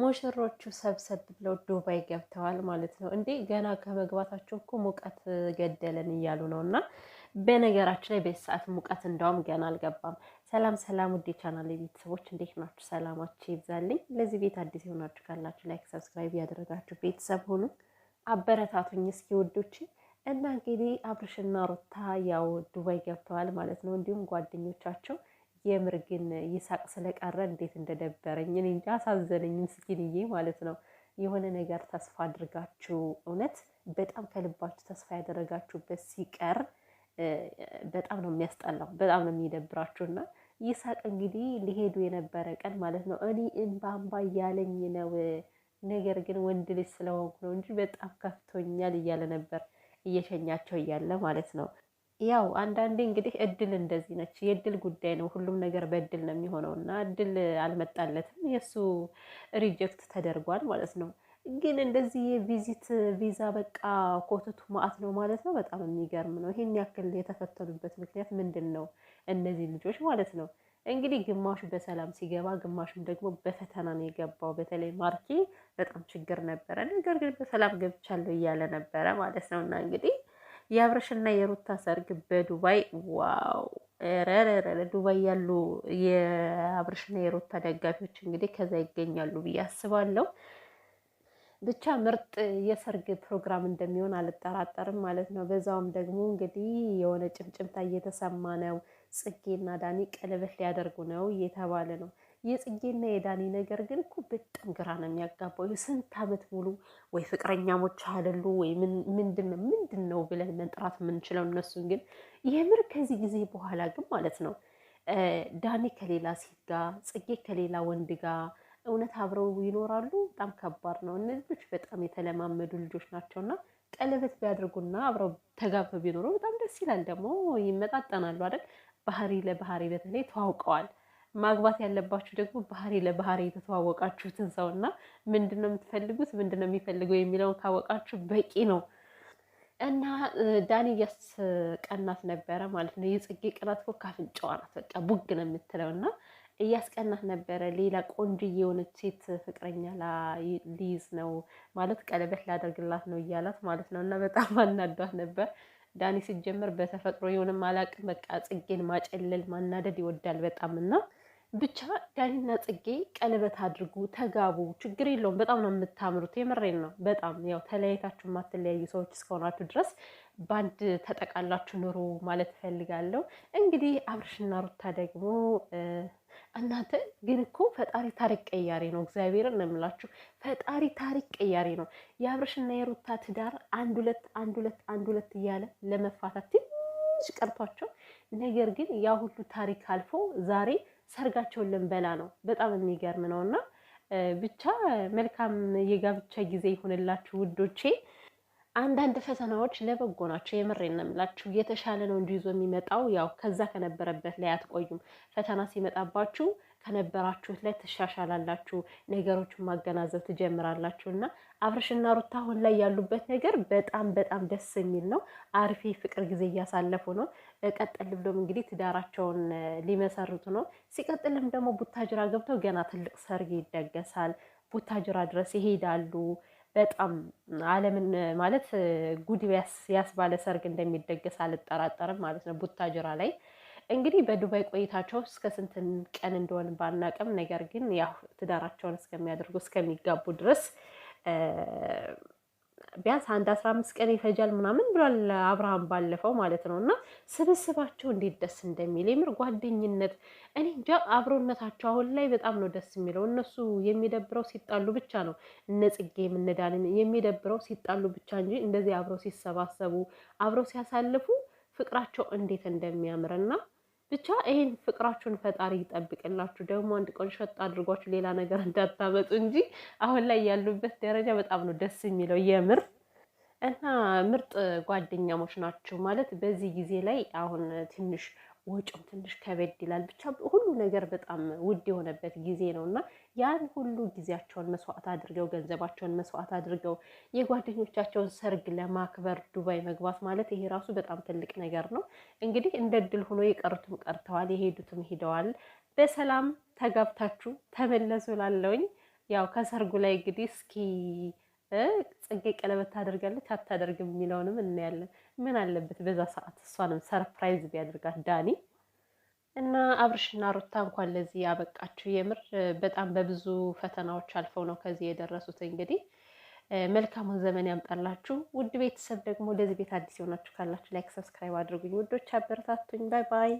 ሙሽሮቹ ሰብሰብ ብለው ዱባይ ገብተዋል ማለት ነው። እንዴ ገና ከመግባታቸው እኮ ሙቀት ገደለን እያሉ ነው። እና በነገራችን ላይ በዚህ ሰዓት ሙቀት እንደውም ገና አልገባም። ሰላም ሰላም፣ ውዴ ቻናል ቤተሰቦች እንዴት ናችሁ? ሰላማችሁ ይብዛልኝ። ለዚህ ቤት አዲስ የሆናችሁ ካላችሁ ላይክ፣ ሰብስክራይብ ያደረጋችሁ ቤተሰብ ሆኑ፣ አበረታቱኝ እስኪ ውዶች። እና እንግዲህ አብርሽና ሩታ ያው ዱባይ ገብተዋል ማለት ነው። እንዲሁም ጓደኞቻቸው የምር ግን ይሳቅ ስለቀረ እንዴት እንደደበረኝ እንጂ አሳዘነኝ ምስኪንዬ ማለት ነው። የሆነ ነገር ተስፋ አድርጋችሁ እውነት በጣም ከልባችሁ ተስፋ ያደረጋችሁበት ሲቀር በጣም ነው የሚያስጠላው፣ በጣም ነው የሚደብራችሁ። እና ይሳቅ እንግዲህ ሊሄዱ የነበረ ቀን ማለት ነው እኔ እንባ እንባ እያለኝ ነው፣ ነገር ግን ወንድ ልጅ ስለሆንኩ ነው እንጂ በጣም ከፍቶኛል እያለ ነበር እየሸኛቸው እያለ ማለት ነው። ያው አንዳንዴ እንግዲህ እድል እንደዚህ ነች። የእድል ጉዳይ ነው። ሁሉም ነገር በእድል ነው የሚሆነው እና እድል አልመጣለትም። የእሱ ሪጀክት ተደርጓል ማለት ነው። ግን እንደዚህ የቪዚት ቪዛ በቃ ኮተቱ ማአት ነው ማለት ነው። በጣም የሚገርም ነው። ይሄን ያክል የተፈተኑበት ምክንያት ምንድን ነው? እነዚህ ልጆች ማለት ነው እንግዲህ ግማሹ በሰላም ሲገባ፣ ግማሹም ደግሞ በፈተና ነው የገባው። በተለይ ማርኬ በጣም ችግር ነበረ። ነገር ግን በሰላም ገብቻለሁ እያለ ነበረ ማለት ነው እና እንግዲህ የአብረሽና የሩታ ሰርግ በዱባይ ዋው! ረረረ ዱባይ ያሉ የአብረሽና የሩታ ደጋፊዎች እንግዲህ ከዛ ይገኛሉ ብዬ አስባለሁ። ብቻ ምርጥ የሰርግ ፕሮግራም እንደሚሆን አልጠራጠርም ማለት ነው። በዛውም ደግሞ እንግዲህ የሆነ ጭምጭምታ እየተሰማ ነው። ጽጌና ዳኒ ቀለበት ሊያደርጉ ነው እየተባለ ነው። የጽጌና የዳኒ ነገር ግን እኮ በጣም ግራ ነው የሚያጋባው። ስንት ዓመት ሙሉ ወይ ፍቅረኛሞች አይደሉ ወይ ምንድን ምንድን ነው ብለን መንጥራት የምንችለው እነሱን ግን የምር ከዚህ ጊዜ በኋላ ግን ማለት ነው ዳኒ ከሌላ ሴት ጋር ጽጌ ከሌላ ወንድ ጋር እውነት አብረው ይኖራሉ? በጣም ከባድ ነው። እነዚህ ልጆች በጣም የተለማመዱ ልጆች ናቸውእና ቀለበት ቢያደርጉና አብረው ተጋብተው ቢኖሩ በጣም ደስ ይላል። ደግሞ ይመጣጠናሉ አይደል? ባህሪ ለባህሪ በተለይ ተዋውቀዋል። ማግባት ያለባችሁ ደግሞ ባህሪ ለባህሪ የተተዋወቃችሁትን ሰው እና ምንድን ነው የምትፈልጉት፣ ምንድን ነው የሚፈልገው የሚለውን ካወቃችሁ በቂ ነው። እና ዳኒ እያስቀናት ነበረ ማለት ነው። የጽጌ ቅናት እኮ ካፍንጫዋ ናት፣ በቃ ቡግ ነው የምትለው። እና እያስቀናት ነበረ። ሌላ ቆንጅዬ የሆነች ሴት ፍቅረኛ ሊይዝ ነው ማለት ቀለበት ላደርግላት ነው እያላት ማለት ነው። እና በጣም አናዷት ነበር። ዳኒ ሲጀምር በተፈጥሮ የሆነ አላቅም በቃ ጽጌን ማጨለል ማናደድ ይወዳል በጣም እና ብቻ ዳኒና ጽጌ ቀለበት አድርጉ፣ ተጋቡ፣ ችግር የለውም። በጣም ነው የምታምሩት። የምሬን ነው። በጣም ያው ተለያይታችሁ የማትለያዩ ሰዎች እስከሆናችሁ ድረስ በአንድ ተጠቃላችሁ ኑሩ ማለት እፈልጋለሁ። እንግዲህ አብርሽና ሩታ ደግሞ እናንተ ግን እኮ ፈጣሪ ታሪክ ቀያሪ ነው። እግዚአብሔርን ነው የምላችሁ። ፈጣሪ ታሪክ ቀያሪ ነው። የአብርሽና የሩታ ትዳር አንድ ሁለት አንድ ሁለት አንድ ሁለት እያለ ለመፋታት ትንሽ ቀርቷቸው፣ ነገር ግን ያ ሁሉ ታሪክ አልፎ ዛሬ ሰርጋቸውን ልንበላ ነው። በጣም የሚገርም ነው እና ብቻ መልካም የጋብቻ ጊዜ ይሆንላችሁ ውዶቼ። አንዳንድ ፈተናዎች ለበጎ ናቸው። የምሬን ነው የምላችሁ። የተሻለ ነው እንዲይዞ የሚመጣው ያው ከዛ ከነበረበት ላይ አትቆዩም። ፈተና ሲመጣባችሁ ከነበራችሁት ላይ ትሻሻላላችሁ፣ ነገሮችን ማገናዘብ ትጀምራላችሁ። እና አብርሽና ሩታ አሁን ላይ ያሉበት ነገር በጣም በጣም ደስ የሚል ነው። አሪፍ ፍቅር ጊዜ እያሳለፉ ነው። ቀጠል ብሎም እንግዲህ ትዳራቸውን ሊመሰርቱ ነው። ሲቀጥልም ደግሞ ቡታጅራ ገብተው ገና ትልቅ ሰርግ ይደገሳል። ቡታጅራ ድረስ ይሄዳሉ። በጣም ዓለምን ማለት ጉድ ያስባለ ሰርግ እንደሚደገስ አልጠራጠርም ማለት ነው። ቡታጅራ ላይ እንግዲህ በዱባይ ቆይታቸው እስከ ስንት ቀን እንደሆን ባናቅም፣ ነገር ግን ያው ትዳራቸውን እስከሚያደርጉ እስከሚጋቡ ድረስ ቢያንስ አንድ አስራ አምስት ቀን ይፈጃል ምናምን ብሏል አብርሃም ባለፈው ማለት ነው። እና ስብስባቸው እንዴት ደስ እንደሚል የምር ጓደኝነት፣ እኔ እንጃ አብሮነታቸው አሁን ላይ በጣም ነው ደስ የሚለው። እነሱ የሚደብረው ሲጣሉ ብቻ ነው። እነ ጽጌም የሚደብረው ሲጣሉ ብቻ እንጂ እንደዚህ አብረው ሲሰባሰቡ አብረው ሲያሳልፉ ፍቅራቸው እንዴት እንደሚያምርና ብቻ ይሄን ፍቅራችሁን ፈጣሪ ይጠብቅላችሁ። ደግሞ አንድ ቀን ሸጥ አድርጓችሁ ሌላ ነገር እንዳታመጡ እንጂ አሁን ላይ ያሉበት ደረጃ በጣም ነው ደስ የሚለው የምር እና ምርጥ ጓደኛሞች ናቸው ማለት በዚህ ጊዜ ላይ አሁን ትንሽ ወጪው ትንሽ ከበድ ይላል። ብቻ ሁሉ ነገር በጣም ውድ የሆነበት ጊዜ ነው እና ያን ሁሉ ጊዜያቸውን መስዋዕት አድርገው ገንዘባቸውን መስዋዕት አድርገው የጓደኞቻቸውን ሰርግ ለማክበር ዱባይ መግባት ማለት ይሄ ራሱ በጣም ትልቅ ነገር ነው። እንግዲህ እንደ ድል ሆኖ የቀሩትም ቀርተዋል፣ የሄዱትም ሂደዋል። በሰላም ተጋብታችሁ ተመለሱ ላለውኝ ያው ከሰርጉ ላይ እንግዲህ እስኪ ጽጌ ቀለበት ታደርጋለች አታደርግም የሚለውንም እናያለን። ምን አለበት በዛ ሰዓት እሷንም ሰርፕራይዝ ቢያደርጋት ዳኒ እና አብርሽና ሩታ እንኳን ለዚህ ያበቃችሁ። የምር በጣም በብዙ ፈተናዎች አልፈው ነው ከዚህ የደረሱት። እንግዲህ መልካሙን ዘመን ያምጣላችሁ። ውድ ቤተሰብ ደግሞ ለዚህ ቤት አዲስ የሆናችሁ ካላችሁ ላይክ፣ ሰብስክራይብ አድርጉኝ። ውዶች አበረታቱኝ። ባይ ባይ